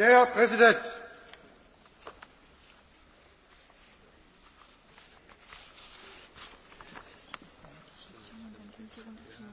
Domnule Präsident!